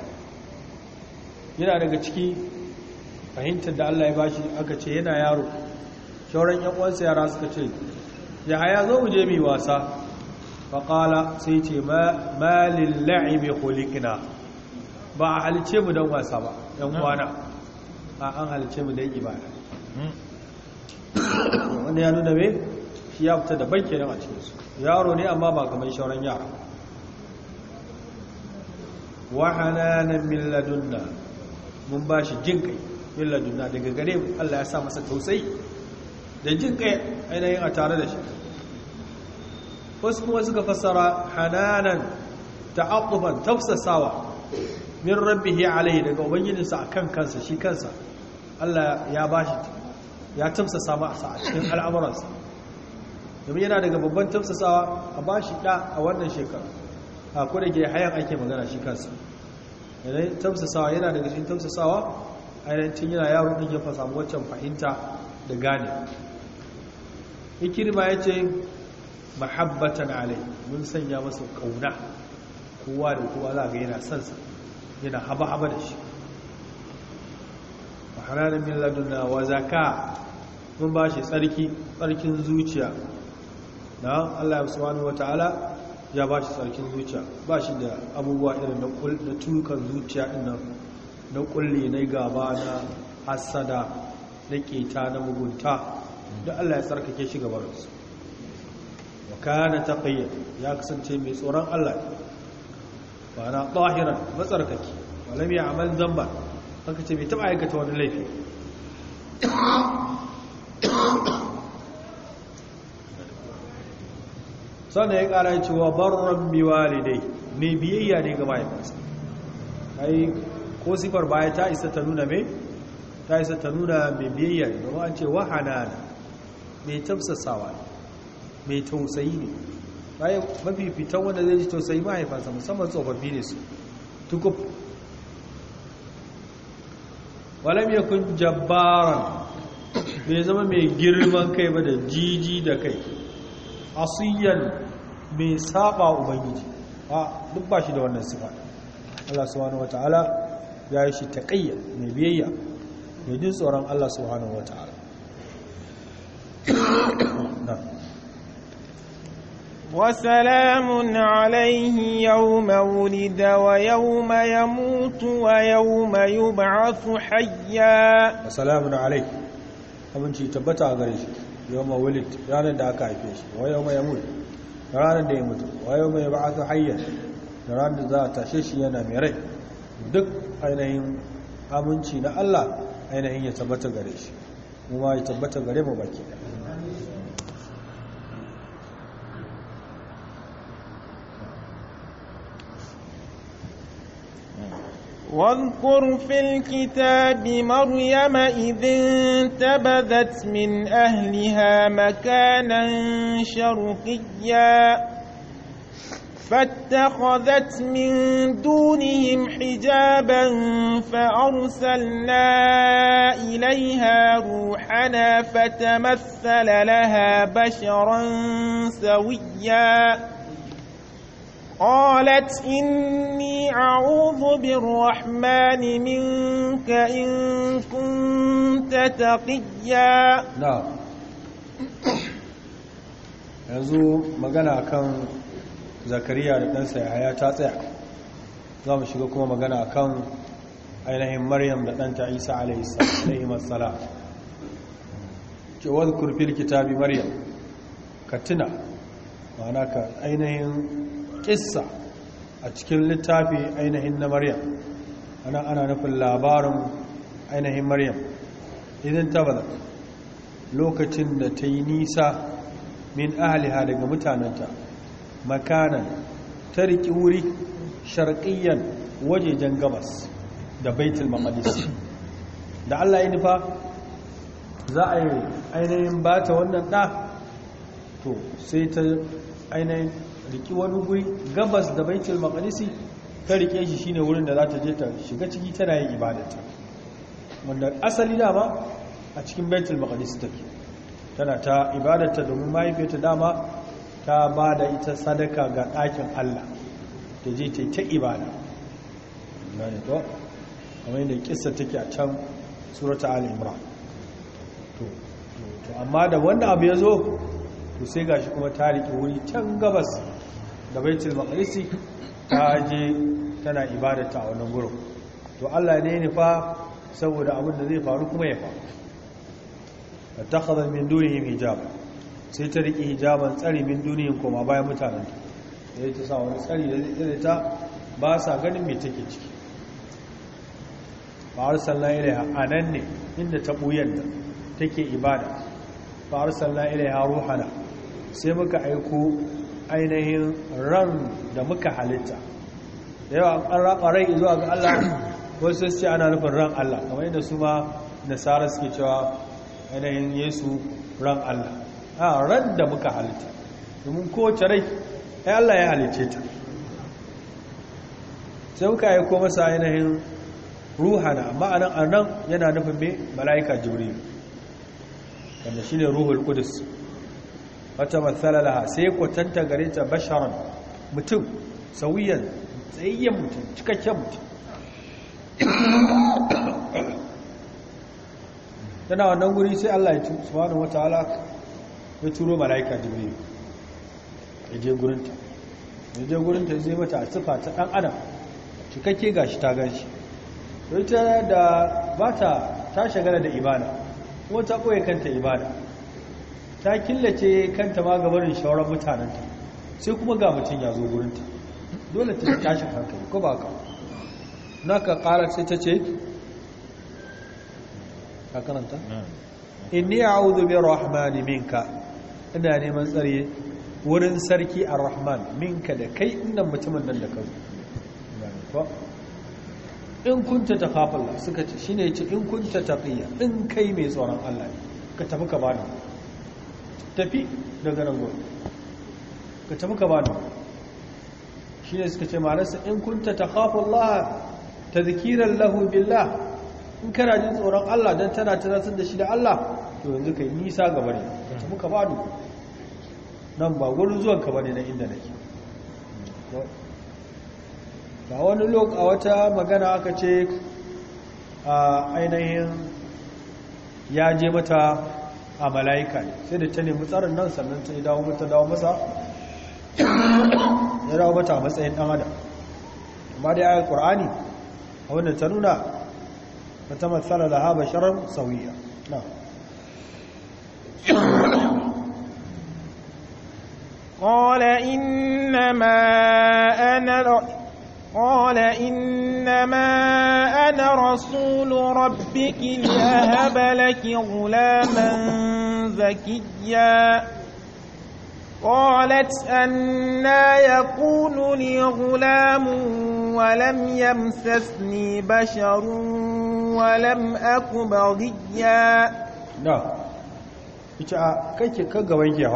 yana daga ciki fahimtar da Allah ya bashi aka ce yana yaro shauran yan uwansa yara suka ce ya haya zo mu je mu wasa fa qala sai ce ma malil la'ibi khuliqna ba a halice mu dan wasa ba ɗan kwana a an halice mu dan ibada hmm. wanda ya nuna me shi ya fita da banke a cikin su yaro ne amma ba kamar shauran yara wa hananan min ladunna mun bashi jin kai min juna daga gare mu Allah ya sa masa tausayi da jin kai ainihin a tare da shi wasu kuma suka fassara hananan ta'aqquban tafsasawa min rabbihi alai daga a akan kansa shi kansa Allah ya bashi ya tafsasa ma a cikin al'amuransa domin yana daga babban tafsasawa a bashi da a wannan shekaru a kodake hayan ake magana shi kansa tafsasawa yana daga cikin tafsasawa ainihin yana yaro ɗin ya samu waccan fahimta da gane ikirma ya ce mahabbatan alai mun sanya masa kauna, kowa da kowa za ga yana sansa yana haba-haba da shi hararar min na wa mun ba shi tsarki tsarkin zuciya na Allah ya subhanahu wataala ya ba shi tsarkin zuciya ba shi da abubuwa irin na tukan zuciya din na kulle na gaba na hasada na keta na mugunta da Allah ya tsarkake shi gaban su wa kana taqiyya ya kasance mai tsoron Allah ba na tahiran matsarkake walam ya'mal dhanba haka ce bai taba aikata wani laifi sannan ya kara cewa barran biwalidai mai biyayya ne ga mahaifinsa ko sifar baya ta isa ta nuna mai ta isa ta nuna mai biyayya ne ce wa ce wahana mai tamsasawa ne mai tausayi ne bayan mafi fitan wanda zai ji tausayi mahaifansa musamman tsofaffi ne su tukuf. walam kun jabbaran bai zama mai girman kai ba da jiji da kai asiyan mai saba ubangiji a duk ba shi da wannan sifa Allah subhanahu wataala ya yi shi taƙayya mai biyayya mai jin tsoron Allah da wa ya وسلام عليه يوم ولد ويوم ba a su hayya wasalamun alaihi abinci tabbata a gare shi yau ma wulit ranar da aka haife shi wa yau ma ya mutu ranar da ya mutu wa yau ma ya su hayyan da ranar da za a tashe shi yana mai rai duk ainihin aminci na Allah ainihin ya tabbata gare shi kuma ya tabbata gare mu baki واذكر في الكتاب مريم إذ انتبذت من أهلها مكانا شرقيا فاتخذت من دونهم حجابا فأرسلنا إليها روحنا فتمثل لها بشرا سويا قالت إني أعوذ بالرحمن منك إن كنت تقيا نعم yanzu magana kan zakariya da ɗansa yahaya ta tsaya za mu shiga kuma magana a kan ainihin maryam da ɗanta isa alaihi matsala ce wadkur fil kitabi maryam ka tuna ma'ana ka ainihin kisa a cikin littafi ainihin na maryam ana ana nufin labarin ainihin maryam idan tabbatar lokacin da ta yi nisa min ahaliha daga mutanenta makanan ta riƙi wuri sharƙiyyar wajejen gabas da baitul mamadis da Allah ya nufa za a yi ainihin ba ta wannan ɗa to sai ta ainihin riƙi wani guri gabas da baitul mamadis ta riƙe shi shine wurin da za ta je ta shiga ciki tana yin ibadata wanda asali dama a cikin baitul mamadis take tana ta ibadata domin ta dama ta ba da ita sadaka ga ɗakin Allah ta je ta ta ibada gane to kamar yadda kisa take a can surata al’imra to amma da wanda abu ya zo to sai gashi kuma ta riƙe wuri can gabas da bai baitul makarisi ta je tana ibada a wannan wurin. to Allah ne ne fa saboda abin da zai faru kuma ya faru ta takhadha min dunihim hijaba sai ta riƙe hijaban tsari min duniyan koma bayan mutanen da ya ta sa wani tsari da zai ta ba sa ganin mai take ciki ba arsala ilaiha a nan ne inda ta ɓuyan da take ibada ba arsala ilaiha ruhana sai muka aiko ainihin ran da muka halitta da yawa an raɓa rai zuwa ga Allah wasu ce ana nufin ran Allah kamar yadda su ma nasara suke cewa ainihin yesu ran Allah a ran da muka halitta domin kowace rai ya Allah ya halitta ta sai muka yi ko masa ainihin ruhana amma anan nan yana nufin mai mala'ika jibril wanda ne ruhul Kudus. wata matsala sai kwatanta gare ta basharan mutum sauyan tsayayyen mutum cikakken mutum tana wannan guri sai Allah ya ci wata wataala ya turo mala'ika jibril ya je gurinta ya je gurinta zai mata a sifa ta ɗan adam cikakke gashi ta shi ita da ba ta ta shagala da ibada ko ta ɓoye kanta ibada ta killace kanta ma gabarin shawarar mutanenta sai kuma ga mutum ya zo gurinta dole ta tashin hankali ko ba ka na ka ƙara sai ta ce ka karanta inni a'udhu bi rahmani minka ina neman tsare wurin sarki ar-rahman minka da kai inda mutumin nan da kan in kunta taqafalla suka ce ne yace in kunta taqiya in kai mai tsoron Allah ne ka tafi ka bani tafi daga nan gurin ka tafi ka bani ne suka ce marasa in kunta ta zikirar lahu billah in kana jin tsoron Allah don tana sun da shi da Allah to yanzu kai nisa gaba ne ka tafi bani nan ba wurin zuwan ka ne na inda nake ba wani lokaci a wata magana aka ce a ainihin ya je mata a mala'ika ne sai da ta nemi tsarin nan sannan ta yi dawo mata dawo masa ya dawo mata a matsayin dan adam amma dai ayar ƙur'ani a wanda ta nuna ba ta matsala da haɓa sharar sauyiya قال إنما أنا قال إنما أنا رسول ربك لأهب لك غلاما زكيا قالت أنا يكون لي غلام ولم يمسسني بشر ولم أك بغيا نعم كيف كيف كيف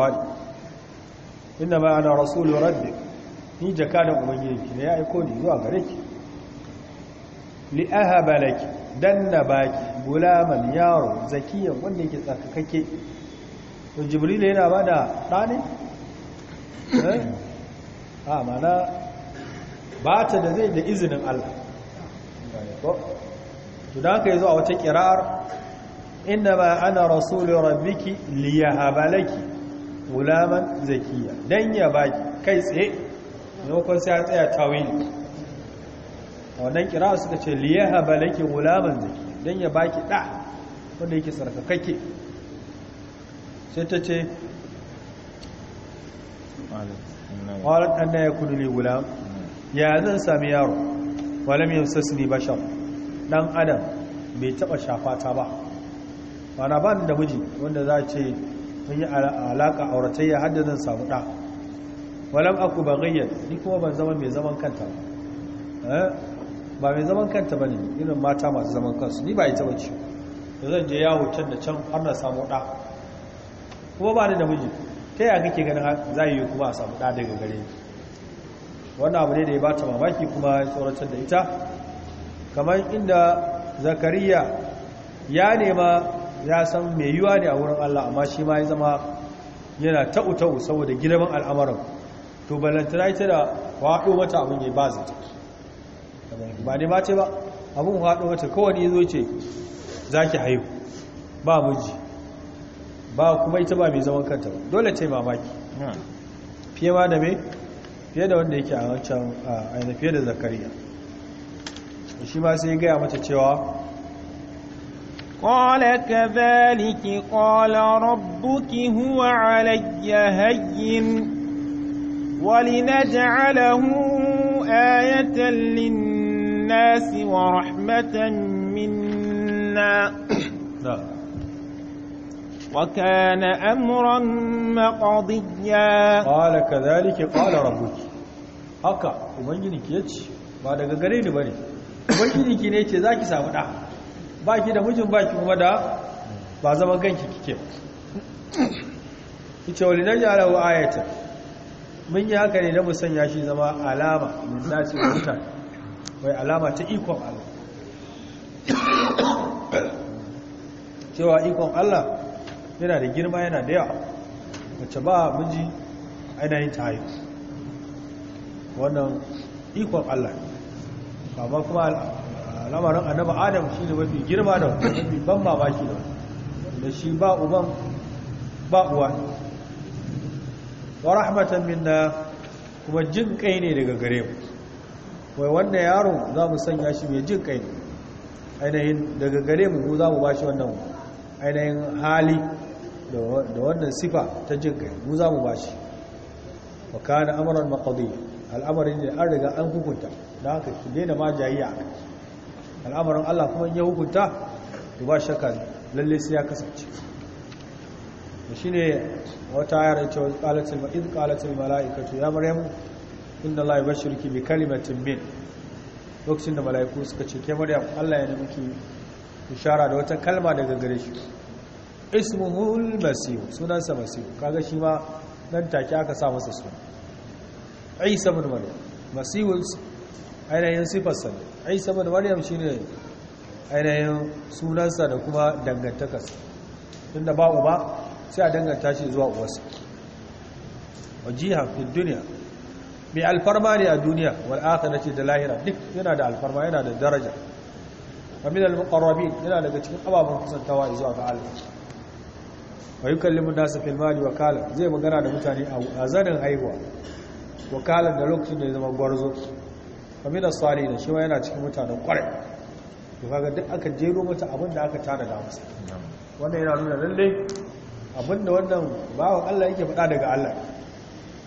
inna ma ana rasulun rabbi ni jaka da ubangiji ne ya aiko ni zuwa gare ki li ahaba laki dan na baki gulaman yaro zakiyan wanda yake tsakakake to jibril yana ba da eh a mana ba ta da zai da izinin allah to da ka yi zuwa wata ƙirar inna ma ana rasulun rabbiki liyahabalaki gulaman zakiya don ya baki kai tsaye nokon sai ya tsaya tawili wannan kira suka ce liyaha balaki gulaman zakiya don ya baki da wanda yake sarkakakke sai ta ce qalat ya kudu ne gulam ya zan sami yaro walam ba shan dan adam bai taɓa shafata ba na ba da miji wanda za ce mun yi alaka auratayya zan samu ɗa walam aku bagayyan ni kuma ban zama mai zaman kanta ba eh? Ba mai zaman kanta ba ne irin mata masu zaman kansu ni ba ita ba ce da zan je yawo can da can har na samu ɗa kuma ba ni da miji ta yaya kake ganin za yi kuma a samu ɗa daga gare ni wannan abu ne da ya ba ta mamaki kuma ya tsoratar da ita kamar inda zakariya ya nema ya san mai yiwa ne a wurin Allah amma shi ma ya zama yana ta'u-ta'u saboda girman al'amarin to balantana ita da faɗo mata abin ya ba zata ba ne ba ce ba abin faɗo mata kowane ya zo ce za ki haihu ba miji ba kuma ita ba mai zaman kanta ba dole ce mamaki fiye ma da mai fiye da wanda yake a wancan ainihin fiye da zakariya shi ma sai gaya mata cewa قال كذلك قال ربك هو علي هين ولنجعله آية للناس ورحمة منا نعم. وكان أمرا مقضيا قال كذلك قال ربك هكا ubangijinki ya ce بعد daga gare ni ba ne ubangijinki ba ki da mijin ba ki kuma da ba zaman ganki kike ita wani nan ya rawa ayata mun yi haka ne na musanya shi zama alama da ce mutane wai alama ta ikon Allah cewa ikon Allah yana da girma yana da yawa wacce ba miji aina yin haihu wannan ikon Allah ba kuma a annabi adam shi ne mafi girma da mafi ban mamaki da da shi ba uban ba uwa wa rahmatan minna kuma jin kai ne daga gare mu wai wanda yaro za mu sanya shi mai jin kai ainihin daga gare mu ko za mu ba shi wannan ainihin hali da wannan sifa ta jin kai mu za mu ba shi wa kana amran maqdi al'amarin da an riga an hukunta da haka ki daina ma jayi a kai al'amarin Allah kuma ya hukunta to ba shakka lalle sai ya kasance da shine wata ayar ita qalatil ma'id qalatil mala'ikatu ya maryam inna Allah yubashshiruki bi kalimatin min lokacin da mala'iku suka ce ke maryam Allah ya ne miki ishara da wata kalma daga gare shi ismuhu al-masih sunansa masih kaga shi ma nan take aka sa masa suna isa ibn maryam masih ainihin sifarsa ne isa maryam shi ne ainihin sunansa da kuma dangantakarsa inda ba uba sai a danganta shi zuwa uwarsa jiha fi duniya mai alfarma ne a duniya na ce da lahira duk yana da alfarma yana da daraja amin al-muqarrabin yana daga cikin ababen kusantawa zuwa ga Allah wa yukallimu nasu fil mali wakala zai magana da mutane a zanin haihuwa wakalan da lokacin da ya zama gwarzo kamar da sali da shi ma yana cikin mutanen kwarai da kaga duk aka jero mata abin da aka tana da masa wannan yana nuna lalle abin da wannan bawan Allah yake faɗa daga Allah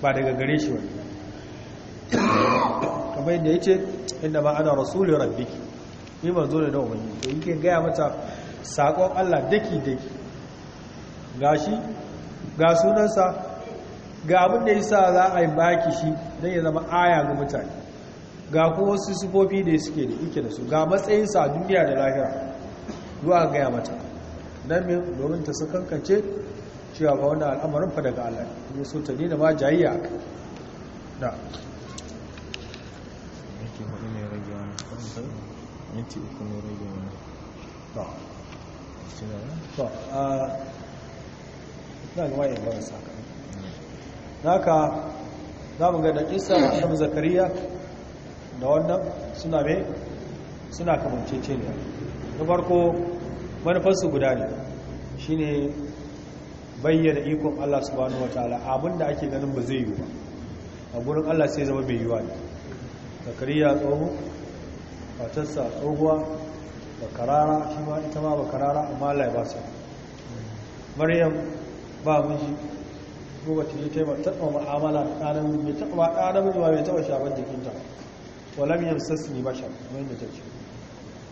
ba daga gare shi wani kamar yadda ya ce inda ma ana rasulun rabbi ni zo ne da umarni to yake gaya mata saƙon Allah daki-daki ga shi ga sunansa ga abin da ya sa za a yi baki shi don ya zama aya ga mutane ga ko wasu sufofi da suke da ike da su ga matsayin a duniya da lahira zuwa gaya mata don min domin ta sakankance cewa ba wani al'amarin fa daga Allah ne su ta nina ma jayayya a da mm. na ka za mu ga da isa a zakariya da wannan suna mai suna kamancece ne na farko manufarsu guda ne shi ne bayyana ikon allah bani wataala abinda ake ganin ba zai yi ba a gurin allah sai zama mai yiwa ne zakariya tsoho matarsa tsohuwa karara shi ma ita ma ba karara amma allah ya ba su maryam ba miji ko ba ta yi taimaka taɓa ma'amala ɗanar mai taɓa ɗanar mai taɓa shafar jikinta walam shi bashar wani da ta ce,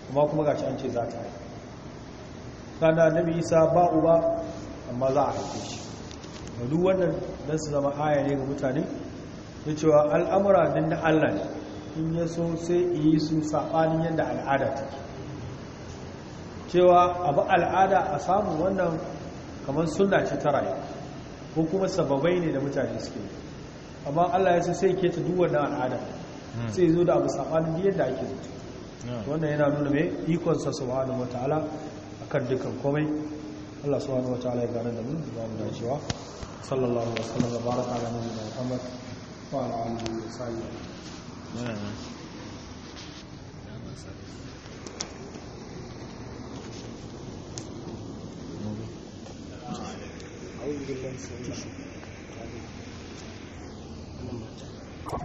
kuma kuma gashi an ce za ta yi. kana bi isa ba uba amma za a haife shi da duk wannan don su zama aya ne ga mutane da cewa al'amura din na Allah ne in ya so sai yi su saɓanin yadda al'ada ke. cewa abu al'ada a samu wannan kamar sunna ce ta rayu ko kuma sababai ne da mutane suke amma Allah ya so sai ke ta duk wannan al'ada Hmm. sai zo da abu sabanin yadda ake zuci hmm. wannan yana nuna mai ikonsa subhanahu wataala kan dukan komai Allah subhanahu wataala ya gane da mu da mu dacewa sallallahu alaihi wasallam da baraka ala nabiyina Muhammad wa ala alihi wa sahbihi أعوذ بالله من الشيطان الرجيم